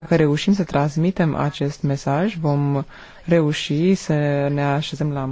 Dacă reușim să transmitem acest mesaj, vom reuși să ne așezăm la